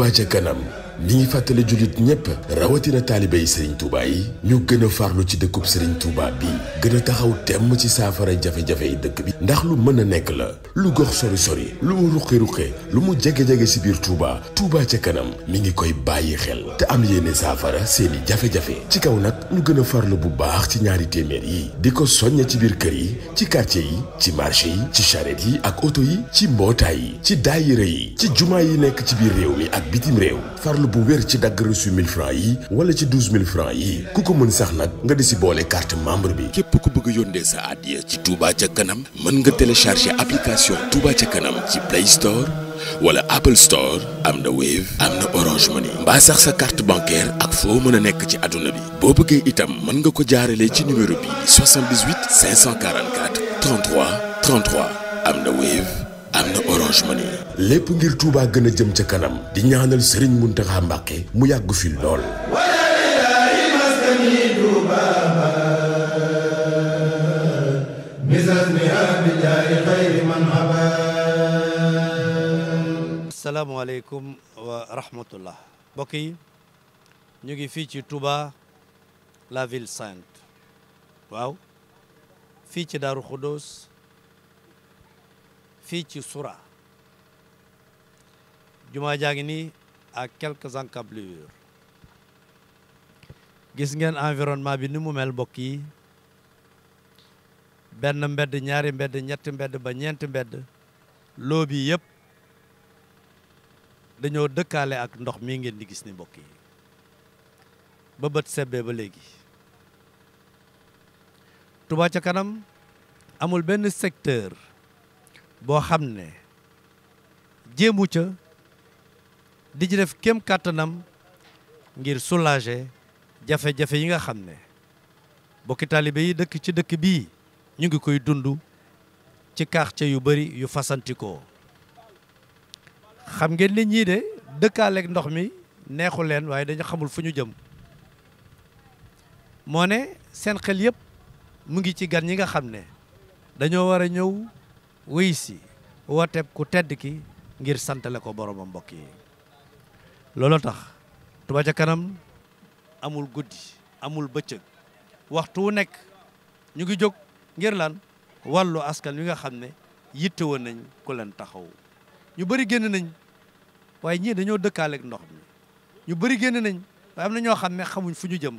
Touba ca kanam ñi ngi fàttali jullit ñépp rawatina taalibe yi Serigne Touba yi ñu gën a farlu ci dëkkub Serigne Touba bi gën a taxaw temm ci saafara jafe-jafe yi dëkk bi ndax lu mën a nekk la lu gox sori-sori lu mu ruqi-ruqe lu mu jege-jege si biir Touba tuubaa ca kanam mi ngi koy bàyyi xel te am yéene saafara seeni jafe-jafe ci kaw nag ñu gën a farlu bu baax ci ñaari téeméer yi di ko soñña ci biir kër yi ci quartier yi ci marché yi ci charrette yi ak oto yi ci mbootaay yi ci daayira yi ci jumaa yi nekk ci biir réew mi ak bitim réew bu wér ci dagg reçu 1000 francs yi wala ci 12000 francs yi ku ko mën sax nag nga di si boole carte membre bi. képp ku bëgg yónnee sa addiya ci Touba ca kanam mën nga télécharger application Touba ca kanam ci Play wala Apple Store am na Wave am na Orange Money sax sa carte bancaire ak foo mën a nekk ci àdduna bi boo bëggee itam mën nga ko jaarale ci numéro bi 78 544 33 33 am na Wave. lépp ngir Touba gën a jëm ca kanam di ñaanal Serigne Mountakha Mbacké mu yàgg fi lool. asalaamaaleykum wa rahmatullah mbokk yi ñu ngi fii ci Touba la ville sainte waaw fii ci Daaru Xudoos fii ci Soura jumaa jaa ngi nii à quelques encablures gis ngeen environnement bi ni mu mel mbokk yi benn mbedd ñaari mbedd ñetti mbedd ba ñeenti mbedd loo bi yëpp dañoo dëkkaale ak ndox mi ngeen di gis ni mbokk yi ba bët sebbee ba léegi Touba ca kanam amul benn secteur boo xam ne jéemu ca di ci def kem kàttanam ngir soulager jafe-jafe yi nga xam ne bokki taalibe yi dëkk ci dëkk bii ñu ngi koy dund ci quartier yu bari yu fasantikoo xam ngeen nit ñii de dëkkaaleek ndox mi neexu leen waaye dañu xamul fu ñu jëm moo ne seen xel yépp mu ngi ci gan ñi nga xam ne dañoo war a ñëw wuy si wooteb ku tedd ki ngir santale ko boromam mbokk yi looloo tax Touba kanam amul guddi amul bëccëg waxtu wu nekk ñu ngi jóg ngir lan wàllu askan wi nga xam ne yitte woon nañ ku leen taxaw ñu bëri génn nañ waaye ñii dañoo dëkkaaleeg ndox mi ñu bëri génn nañ waaye am na ñoo xam ne xamuñ fu ñu jëm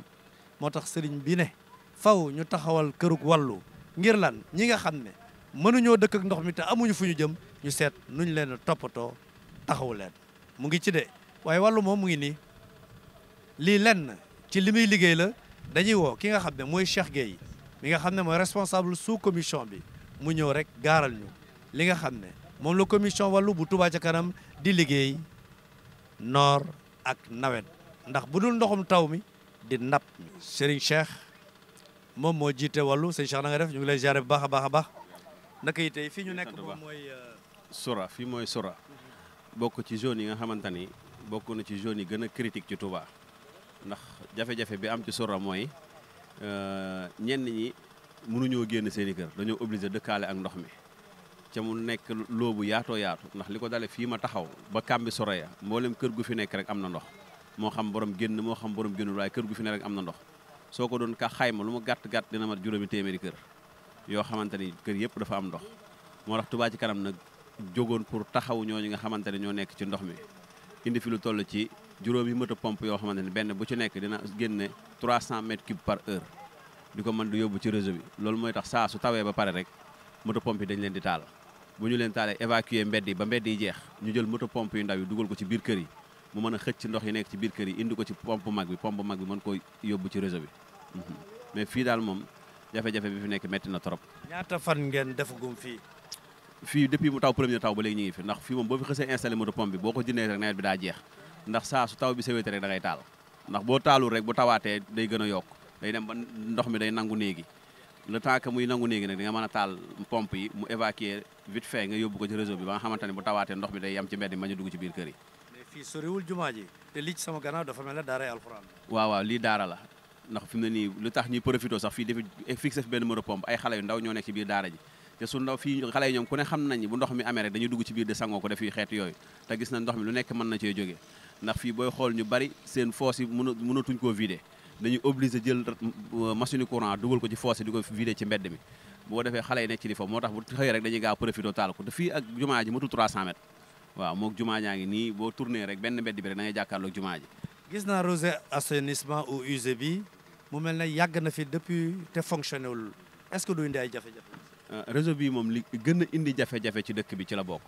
moo tax sëriñ bi ne faw ñu taxawal kërug wàllu ngir lan ñi nga xam ne mënuñoo dëkk ak ndox mi te amuñu fu ñu jëm ñu seet nuñ leen toppatoo taxawu leen mu ngi ci de waaye wàllu moom mu ngi nii lii lenn ci li muy liggéey la dañuy woo ki nga xam ne mooy Cheikh Gueye mi nga xam ne mooy responsable sous commission bi mu ñëw rek gaaral ñu li nga xam ne moom la commission wàllu bu Touba ca kanam di liggéey noor ak nawet ndax bu dul ndoxum taw mi di nap mi Serigne Cheikh moom moo jiite wàllu sëñ Cheikh na nga def ñu ngi lay jare bu baax a baax a baax naka yi tey fii ñu nekk moom mooy. Euh, Sura fii mooy Sura. bokk ci zone yi nga xamante ni bokk na ci zone yi gën a critique ci Touba ndax jafe-jafe bi am ci Sura mooy euh, ñenn ñi mënuñoo génn seen i kër dañoo obligé dëkkaale ak ndox mi. ca mu nekk loobu yaatoo yaatu ndax li ko dale fii ma taxaw ba kàmbi sore ya mboolem kër gu fi nekk rek am na ndox moo xam borom génn moo xam borom génnul waaye kër gu fi ne am na ndox soo ko doon ka ma lu mu gàtt gàtt dina mat juróomi téeméeri kër yoo xamante ni kër yëpp dafa am ndox moo tax Touba ci kanam na jógoon pour taxaw ñooñu nga xamante ne ñoo nekk ci ndox mi indi fi lu toll ci juróomi moto pompe yoo xamante ne benn bu ci nekk dina génne 300 mètres cubes par heure di ko mën di yóbbu ci réseau bi loolu mooy tax saa su tawee ba pare rek moto pompe yi dañ leen di taal bu ñu leen taalee évacuer mbedd yi ba mbedd yi jeex ñu jël moto pompe yu ndaw yi dugal ko ci biir kër yi mu mën a xëcc ci ndox yi nekk ci biir kër yi indi ko ci pompe mag bi pompe mag bi mën koo yóbbu ci réseau bi mhm. jafejafe bi fi nekk metti na trop. ñaata fan ngeen defagum fii. fii depuis mu taw premier taw ba léegi ñu ngi fi ndax fii moom boo fi xësee installé moto pompe bi boo ko jëndee rek nawet bi daa jeex bi sewete rek da ngay taal ndax boo taalu rek bu tawaatee day gën a yokk day dem ba ndox mi day nangu néegi le temps que muy nangu néegi nag di nga mën a taal pompe yi mu évacuer vite fait nga yóbbu ko ci réseau bi ba nga xamante ne bu tawaatee ndox mi day yam ci mbedd mi ma ñu dugg ci biir kër yi. mais fii soriwul jumaa ji te lii ci sama dafa mel ne daara alxuraan. waaw waaw lii daara la ndax fi mu ne nii lu tax ñuy profité sax fii dafa fixé e, fi benn moto pompe ay xale yu ndaw ñoo nekk ci biir daara ji te su ndaw fii xale yi ñoom ku ne xam nañ bu ndox mi amee rek dañuy dugg ci biir de sangoo ko def yi xeet yooyu te gis nañ ndox mi lu nekk mën na cee jógee ndax fii booy xool ñu bari seen foos yi mën mënatuñ koo vider dañuy obligé jël euh, machine courant dugal ko ci foos di ko vider ci mbedd mi boo defee xale yi nekk ci li fa moo tax bu da ngay jàkkaarloog jumaa ji gis naa rosé assainissement au usé mu mel na yàgg na fi depuis te fonctionné wul est-ce que du indi ay jafe-jafe. Euh, réseau bi moom li gën a indi jafe-jafe ci dëkk bi ci la bokk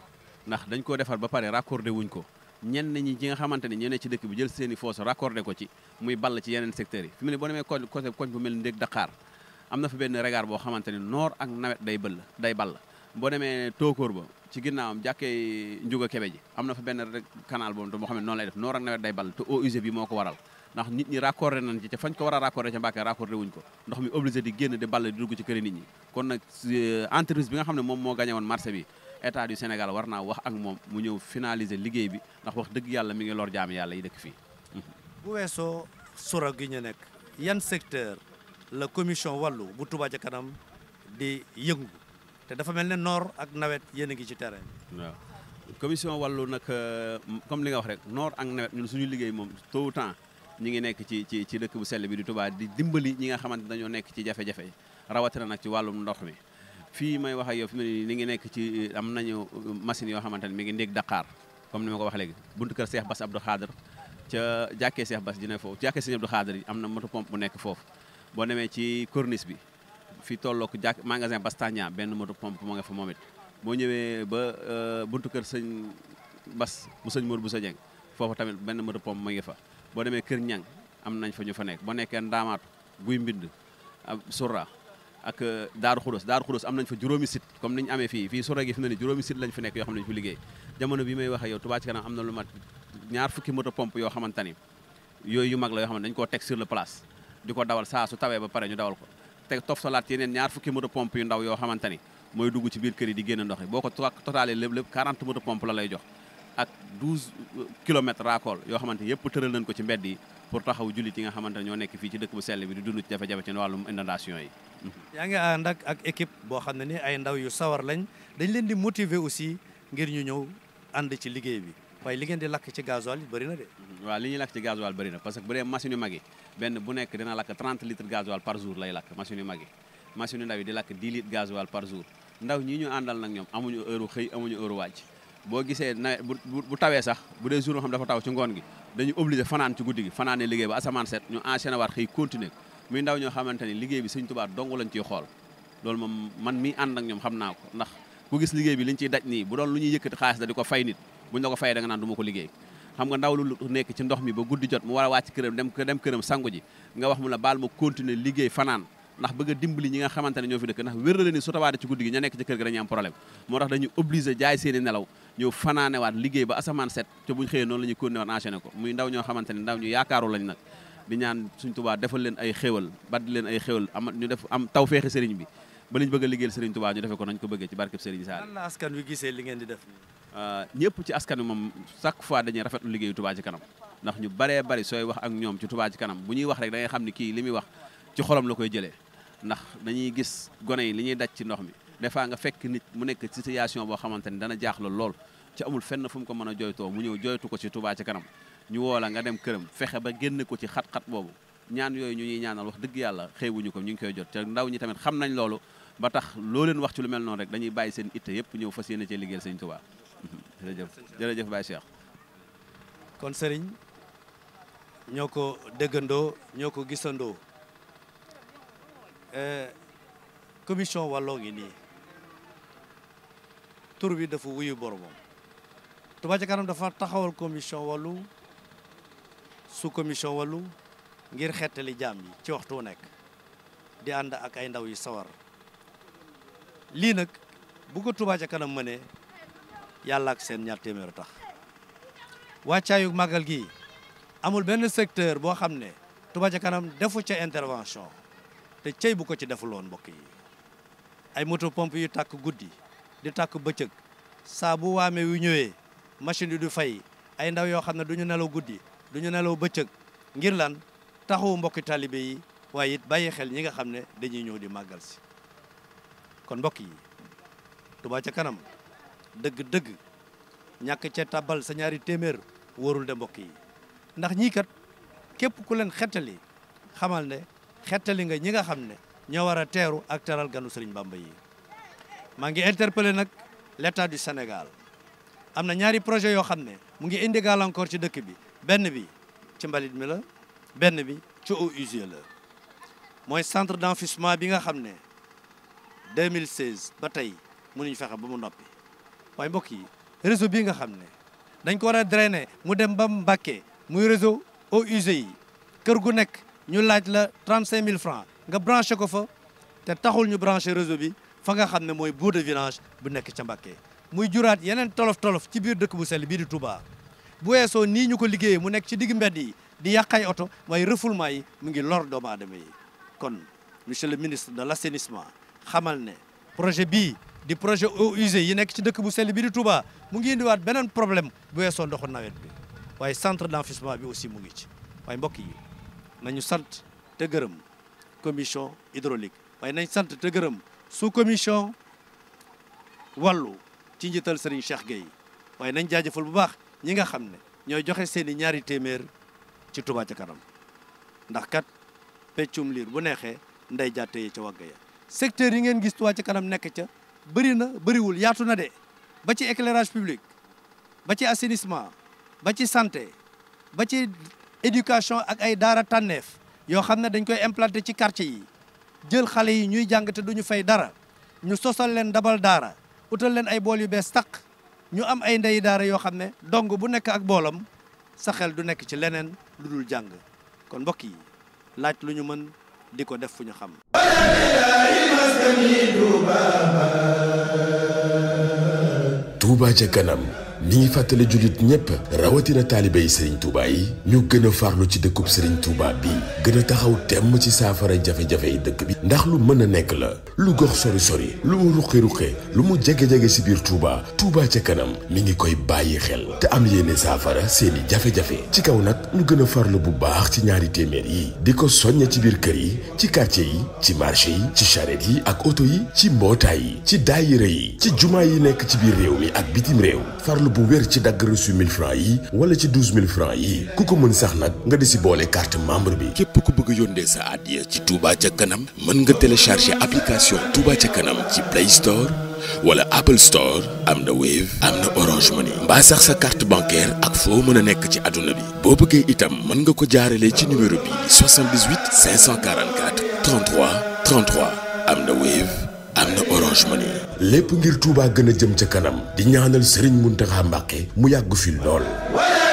ndax dañ ko defar ba pare raccordé wuñ ko ñenn ñi ci nga xamante ne ñeneen ci dëkk bi jël seen i foos raccordé ko ci muy ball ci yeneen secteurs yi fi mu ne boo demee koñ koñ bu mel ni ndéeg Dakar am na fa benn regard boo xamante ne noor ak nawet day bëll day ball boo demee Tokor ba ci ginnaawam jàkkee Ndiouga Kébé am na fa benn canal boobu moo xam ne noonu lay def noor ak nawet day ball te eaux usées bi waral ndax nit ñi raccordé nañ ci ca fañ ko war a raccordé ca wuñ ko ndox mi obligé di génn di ball di dugg ci kër nit ñi kon nag euh, entreprise bi nga xam ne moom moo gañawoon woon bi état du Sénégal war naa wax ak moom mu ñëw finaliser liggéey bi ndax wax dëgg yàlla mi ngi lor jaam yàlla yi dëkk fii bu weesoo soro gi ñu nekk yan secteur la commission wàllu bu Touba ca kanam di yëngu te dafa mel ne noor ak nawet yéen a ngi ci terrain waaw commission wàllu nag euh, comme li nga wax rek noor ak suñu liggéey moom tout temps ñi ngi nekk ci ci ci dëkk bu sell bi di Touba di dimbali ñi nga xamante dañoo nekk ci jafe-jafe rawatina nag ci wàllum ndox mi fii may wax ak yow fi mu ne ni ngi nekk ci am nañu uh, machine yoo xamante ne mi ngi ndéeg daqaar comme ni ma ko wax léegi buntu kër Cheikh Bass Abdou Khader ca jàkkee Cheikh Bass dina foofu jàkkee Cheikh Abdou Khader yi am na moto pompe bu nekk foofu boo demee ci corniche bi fi tolloog jàkk magasin Bastagna benn moto pompe moo nga fa boo ñëwee ba uh, buntu kër sëñ Bass mu sëñ Mour bu sa Dieng foofu tamit benn moto pompe mu fa boo demee Kër Ñang am nañ fa ñu fa nekk boo nekkee Ndaamaatu guy mbind Sura ak euh, Daaru Xudos Daaru Xudos am nañ fa juróomi site comme ni amee fii fii Sura gi fi mu juróomi site lañ fi nekk yoo xam ne ñu fi liggéey jamono bi may waxee yow kanam am na lu mat ñaar fukki moto pompe yoo xamante ni yooyu yu mag la yoo xam ne dañu teg sur le place di ko dawal saa su tawee ba pare ñu dawal ko teg toftalaat yeneen ñaar fukki moto pompe yu ndaw yoo xamante ni mooy dugg ci biir kër yi di génn ak 12 euh, kilomètres raakool yoo xamante yëpp tëral nañ ko ci mbedd yi pour taxaw jullit yi nga xamante ne ñoo nekk fii ci dëkk bu sell bi di dund ci jafe-jafe ci wàllum yi boo xam ne ni ay ndaw yu sawar lañ dañ leen di motive aussi ngir ñu ñëw ànd ci liggéey bi waaye li ngeen di lakk ci gasoil bëri na de mm-hmm. waaw li ñuy lakk ci gasoil bëri na parce que bu dee machine yu mag yi benn bu nekk dina lakk 30 litres gasoil par jour lay lakk machine yu mag yi machine yu ndaw yi di lakk 10 litres ñu àndal nag ñoom amuñu heure xëy boo gisee nawet bu tawee sax bu dee jour moo xam dafa taw ci ngoon gi dañu obligé fanaan ci guddi gi fanaanee liggéey ba asamaan set ñu enchaîné waat xëy continuer muy ndaw ñoo xamante ni liggéey bi Sëñ Tuubaa dong lañ ciy xool loolu moom man mi ànd ak ñoom xam naa ko ndax ku gis liggéey bi liñ ciy daj nii bu doon lu ñuy yëkkati xaalis da di ko fay nit buñ ko fayee da naan du ma ko liggéey xam nga ndaw lu nekk ci ndox mi ba guddi jot mu war a wàcc këram dem dem këram ji nga wax mu la baal ma continuer liggéey fanaan ndax bëgg a dimbali ñi nga xamante ne ñoo fi dëkk ndax wér na leen ni su tawaatee ci guddi gi ña nekk ci kër gi dañuy am problème moo tax dañuy obligé jaay seeni nelaw ñëw fanaanewaat liggéey ba asamaan set te buñ xëyee noonu la ko muy ñoo xamante ne ndaw ñu yaakaaru lañ nag di ñaan suñ tubaa leen ay xéewal baddi leen ay xéewal am ñu def am taw feexe sëriñ bi ba liñ bëgg a liggéeyal sëriñ tubaa ñu defee ko nañ ko bëggee ci barkeb sëriñ Saali lan la askan wi euh, ci askan moom chaque fois dañuy rafetlu liggéeyu tubaa ci kanam ndax ñu baree bari sooy wax ak ñoom ci tubaa ci kanam bu ñuy wax rek da ngay xam ni kii li muy wax ci la koy jëlee ndax dañuy gis gone yi li ñuy daj ci ndox mi des fois nga fekk nit mu nekk situation boo xamante ni dana jaaxle lool ci amul fenn fu mu ko mën a jooytoo mu ñëw jooytu ko ci tubaa ci kanam ñu woola nga dem këram fexe ba génn ko ci xat-xat boobu ñaan yooyu ñu ñuy ñaanal wax dëgg yàlla xeewuñu ko ñu ngi koy jot te ndaw ñi tamit xam nañ loolu ba tax loo leen wax ci lu mel noonu rek dañuy bàyyi seen itte yëpp ñëw fas yéene cee liggéeyal sëñ Touba jërëjëf jërëjëf Baye Cheikh kon sëriñ ñoo ko déggandoo ñoo ko gisandoo Euh, commission wàlloo ngi nii tur bi dafa wuyu boromam Touba ca kanam dafa taxawal commission wallu su commission wallu ngir xetali jaam yi ci waxtu nekk di ànd ak ay ndaw yu sawar lii nag bu ko Touba ca kanam mënee yàlla ak seen ñaar téeméer tax wàccaayu màggal gi amul benn secteur boo xam ne Touba ca kanam defu ca intervention te cey bu ko ci deful woon mbokk yi ay moto pomp yu tàkk guddi di tàkk bëccëg saa bu waame yu ñëwee machine yi du fay ay ndaw yoo xam ne du ñu nelaw guddi du ñu nelaw bëcëg ngir lan taxawu mbokk taalibe yi waaye it bàyyi xel ñi nga xam ne dañuy ñëw di màggal si kon mbokk yi Touba ca kanam dëgg-dëgg ñàkk ca tabal sa ñaari téeméer warul de mbokk yi ndax ñiikat képp ku leen xettali xamal ne xettali nga ñi nga xam ne ñoo war a teeru ak teral ganu Serigne Bamba yi maa ngi interpellé nag l'état du Sénégal am na ñaari projet yoo xam ne mu ngi indi gàllankoor ci dëkk bi benn bi ci mbalit mi la benn bi ci eaux usées la mooy centre d'enfouissement bi nga xam ne 2016 ba tey mënuñu fexe ba mu noppi waaye mbokk yi réseau bi nga xam ne dañ ko war a drainer mu dem ba Mbacké muy réseau eaux usées yi kër gu nekk ñu laaj la 35000 francs nga branché ko fa te taxul ñu branché réseau bi fa nga xam ne mooy bout de vinage bu nekk ca Mbacké muy juraat yeneen tolof tolof ci biir dëkk bu sell bii di Touba bu weesoo nii ñu ko liggéeyee mu nekk ci digg mbedd yi di yàq ay oto waaye refoulement yi mu ngi lor doomu aadama yi kon monsieur le ministre de l'assainissement xamal ne projet bii di projet eaux usées yi nekk ci dëkk bu sell bi di Touba mu ngi indiwaat beneen problème bu weesoo ndoxu nawet bi waaye centre d'enfouissement bi aussi mu ngi ci waaye mbokk yi nañu sant te gërëm commission hydraulique waaye nañ sant te gërëm sous commission wàllu ci njiital Serigne Cheikh Gueye waaye nañ jaajëfal bu baax ñi nga xam ne ñooy joxe seen i ñaari téeméer ci Touba ca kanam ndax kat peccum liir bu neexee nday jàttee ca wagga ya secteur yi ngeen gis Touba ca kanam nekk ca bëri na bëriwul yaatu na de ba ci éclairage public ba ci assainissement ba ci santé ba ci éducation ak ay daara tànneef yoo xam ne dañ koy implanté ci quartier yi jël xale yi ñuy jàng te duñu fay dara ñu sosal leen dabal daara utal leen ay bool yu bees taq ñu am ay ndey daara yoo xam ne dong bu nekk ak boolam sa xel du nekk ci leneen lu dul jàng kon mbokk yi laaj lu ñu mën di ko def fu ñu xam Touba ca kanam mi ngi fàttale jullit ñépp rawatina taalibe yi Serigne Touba yi ñu gën a farlu ci dëkku Serigne Touba bi gën a taxaw temm ci saafara jafe-jafe yi dëkk bi ndax lu mën a nekk la lu gox sori-sori lu mu ruqi-ruqe lu mu jege-jege si biir Touba Touba ca kanam mi ngi koy bàyyi xel te am yéene saafara seeni jafe-jafe ci kaw nag ñu gën a farlu bu baax ci ñaari téeméer yi di ko soñña ci biir kër yi ci quartier yi ci marché yi ci charrette yi ak oto yi ci mbootaay yi ci daayira yi ci jumaa yi nekk ci biir réew mi ak bitim réew bu wér ci dagg reçu 1000 francs yi wala ci 12000 francs yi ku ko mën sax nag nga di si boole carte membre bi képp ku bëgg yónnee sa addiya ci Touba ca kanam mën nga télécharger application Touba ca kanam ci Play wala Apple Store am na Wave am na Orange Money sax sa carte bancaire ak foo mën a nekk ci àdduna bi boo bëggee itam mën nga ko jaaralee ci numéro bi 78 544 33 33 am na Wave am na orange money lépp ngir tuubaa gën a jëm ca kanam di ñaanal Serigne Mountakha Mbacké mu yàgg fi lool